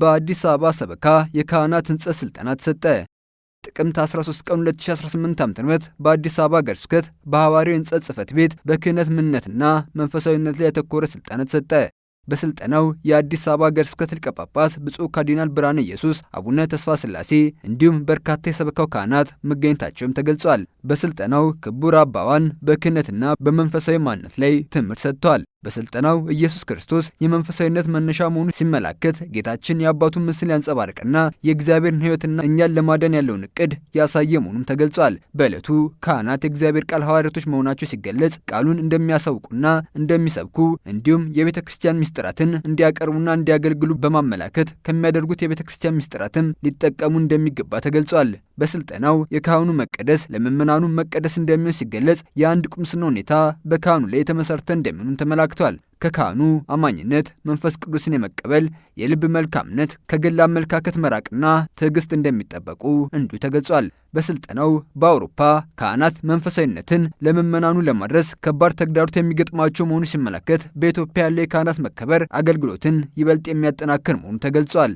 በአዲስ አበባ ሰበካ የካህናት ህንጸት ስልጠና ተሰጠ። ጥቅምት 13 ቀን 2018 ዓ.ም በአዲስ አበባ ሀገረ ስብከት በሐዋርያው የህንጸት ጽሕፈት ቤት በክህነት ምንነትና መንፈሳዊነት ላይ ያተኮረ ስልጠና ተሰጠ። በስልጠናው የአዲስ አበባ ሀገረ ስብከት ሊቀ ጳጳስ ብፁዕ ካርዲናል ብርሃነ ኢየሱስ አቡነ ተስፋ ሥላሴ እንዲሁም በርካታ የሰበካው ካህናት መገኘታቸውም ተገልጿል። በስልጠናው ክቡር አባዋን በክህነትና በመንፈሳዊ ማንነት ላይ ትምህርት ሰጥቷል። በስልጠናው ኢየሱስ ክርስቶስ የመንፈሳዊነት መነሻ መሆኑን ሲመላከት ጌታችን የአባቱን ምስል ያንጸባርቅና የእግዚአብሔርን ሕይወትና እኛን ለማዳን ያለውን እቅድ ያሳየ መሆኑም ተገልጿል። በዕለቱ ካህናት የእግዚአብሔር ቃል ሐዋርያቶች መሆናቸው ሲገለጽ ቃሉን እንደሚያሳውቁና እንደሚሰብኩ እንዲሁም የቤተ ክርስቲያን ምስጢራትን እንዲያቀርቡና እንዲያገልግሉ በማመላከት ከሚያደርጉት የቤተ ክርስቲያን ምስጢራትም ሊጠቀሙ እንደሚገባ ተገልጿል። በስልጠናው የካህኑ መቀደስ ለምእመናኑ መቀደስ እንደሚሆን ሲገለጽ የአንድ ቁምስና ሁኔታ በካህኑ ላይ የተመሰረተ እንደሚሆን ተመላክቷል። ከካህኑ አማኝነት መንፈስ ቅዱስን የመቀበል የልብ መልካምነት፣ ከግል አመለካከት መራቅና ትዕግስት እንደሚጠበቁ እንዲሁ ተገልጿል። በስልጠናው በአውሮፓ ካህናት መንፈሳዊነትን ለምእመናኑ ለማድረስ ከባድ ተግዳሮት የሚገጥማቸው መሆኑ ሲመለከት፣ በኢትዮጵያ ያለው የካህናት መከበር አገልግሎትን ይበልጥ የሚያጠናክር መሆኑ ተገልጿል።